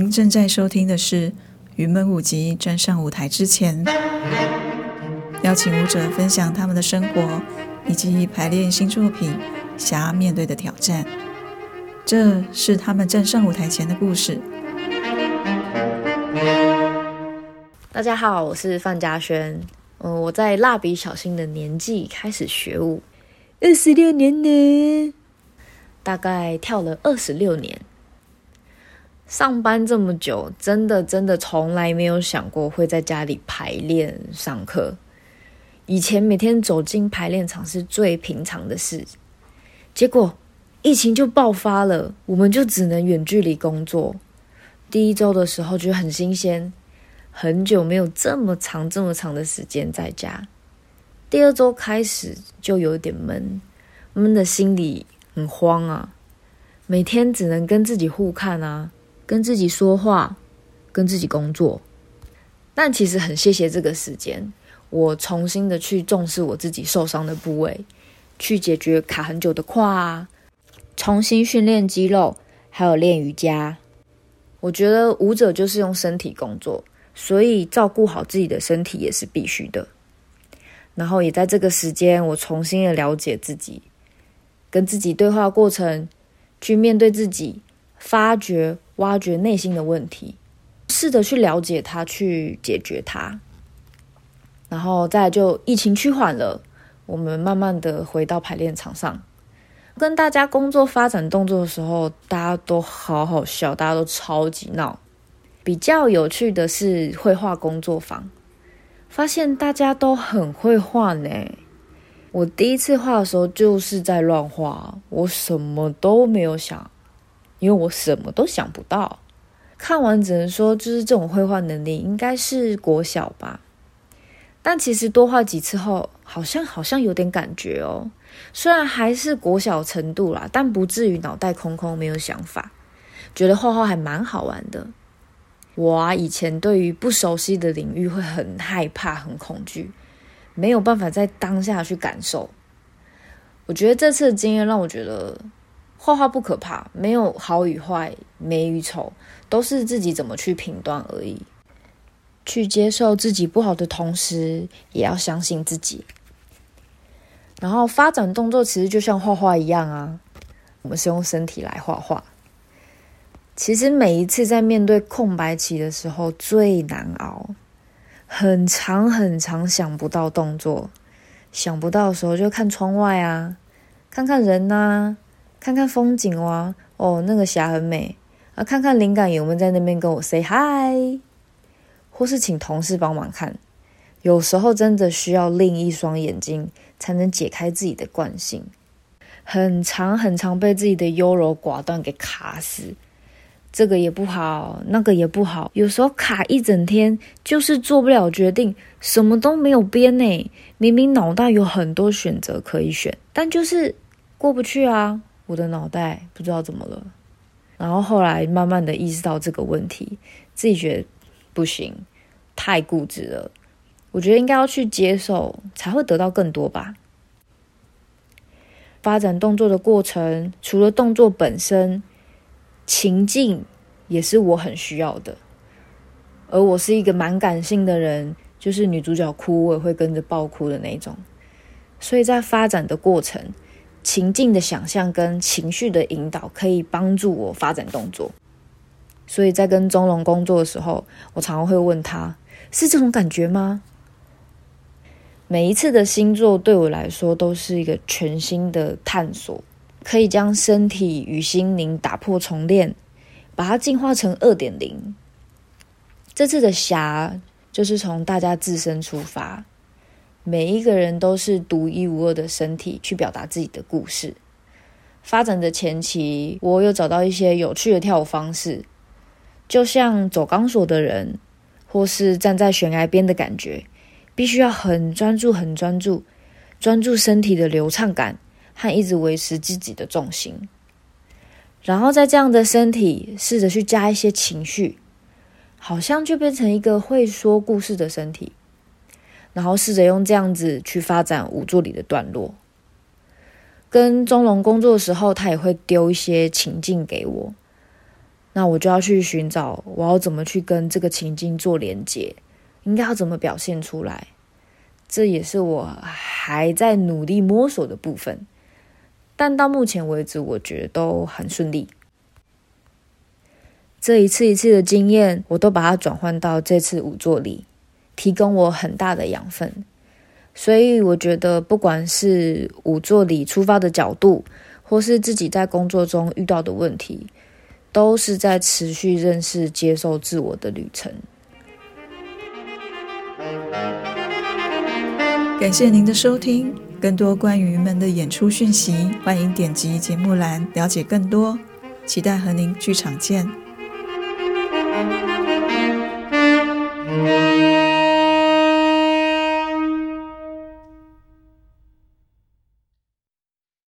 您正在收聽的是《雲門舞集》，站上舞台之前，邀請舞者分享他們的生活以及排練新作品，想要面對的挑戰。這是他們站上舞台前的故事。大家好，我是范家瑄。呃，我在蠟筆小新的年紀開始學舞，二十六年呢，大概跳了二十六年。上班這麼久，真的真的從來沒有想過會在家裡排練上課。以前每天走進排練場是最平常的事，結果疫情就爆發了，我們就只能遠距離工作。第一周的時候就很新鮮，很久沒有這麼長這麼長的時間在家。第二周開始就有點悶，悶得心裡很慌啊，每天只能跟自己互看啊。跟自己說話，跟自己工作，但其實很謝謝這個時間，我重新的去重視我自己受傷的部位，去解決卡很久的胯啊，重新訓練肌肉，還有練瑜伽。我覺得舞者就是用身體工作，所以照顧好自己的身體也是必須的。然後也在這個時間，我重新的了解自己，跟自己對話過程，去面對自己，發覺。挖掘內心的問題，試着去了解它，去解決它。然後再來就疫情趨緩了，我們慢慢的回到排練場上，跟大家工作發展動作的時候，大家都好好笑，大家都超級鬧。比較有趣的是繪畫工作坊，發現大家都很會畫呢。我第一次畫的時候就是在亂畫，我什麼都沒有想。因為我什麼都想不到，看完只能說就是這種繪畫能力應該是國小吧。但其實多畫幾次後，好像好像有點感覺哦。雖然還是國小程度啦，但不至於腦袋空空沒有想法，覺得畫畫還蠻好玩的。我啊，以前對於不熟悉的領域會很害怕、很恐懼，沒有辦法在當下去感受。我覺得這次的經驗讓我覺得。畫畫不可怕，沒有好與壞、美與醜，都是自己怎麼去評斷而已。去接受自己不好的同時，也要相信自己。然後發展動作其實就像畫畫一樣啊，我們是用身體來畫畫。其實每一次在面對空白期的時候最難熬，很長很長想不到動作，想不到的時候就看窗外啊，看看人吶、啊。看看風景哇、啊！哦，那個霞很美啊！看看靈感有沒有在那邊跟我 say hi，或是請同事幫忙看。有時候真的需要另一雙眼睛，才能解開自己的慣性。很常很常被自己的優柔寡斷給卡死，這個也不好，那個也不好。有時候卡一整天，就是做不了決定，什麼都沒有編呢、欸。明明腦袋有很多選擇可以選，但就是過不去啊。我的腦袋不知道怎麼了，然後後來慢慢的意識到這個問題，自己覺得不行，太固執了。我覺得應該要去接受，才會得到更多吧。發展動作的過程，除了動作本身，情境也是我很需要的。而我是一個蠻感性的人，就是女主角哭，我也會跟着爆哭的那種。所以在發展的過程。情境的想象跟情緒的引導可以幫助我發展動作，所以在跟宗龍工作的時候，我常常會問他是這種感覺嗎？每一次的新作對我來說都是一個全新的探索，可以將身體與心靈打破重練，把它進化成二點零。這次的霞就是從大家自身出發。每一個人都是獨一無二的身體，去表達自己的故事。發展的前期，我有找到一些有趣的跳舞方式，就像走鋼索的人，或是站在懸崖邊的感覺，必須要很專注、很專注，專注身體的流暢感和一直維持自己的重心。然後在這樣的身體，試着去加一些情緒，好像就變成一個會說故事的身體。然後試着用這樣子去發展舞作裡的段落。跟宗龍工作的時候，他也會丟一些情境給我，那我就要去尋找我要怎麼去跟這個情境做連接，應該要怎麼表現出來。這也是我還在努力摸索的部分，但到目前為止，我覺得都很順利。這一次一次的經驗，我都把它轉換到這次舞作裡。提供我很大的養分，所以我覺得，不管是舞作裡出發的角度，或是自己在工作中遇到的問題，都是在持續認識、接受自我的旅程。感謝您的收聽，更多關於雲門的演出訊息，歡迎點擊節目欄了解更多。期待和您劇場見。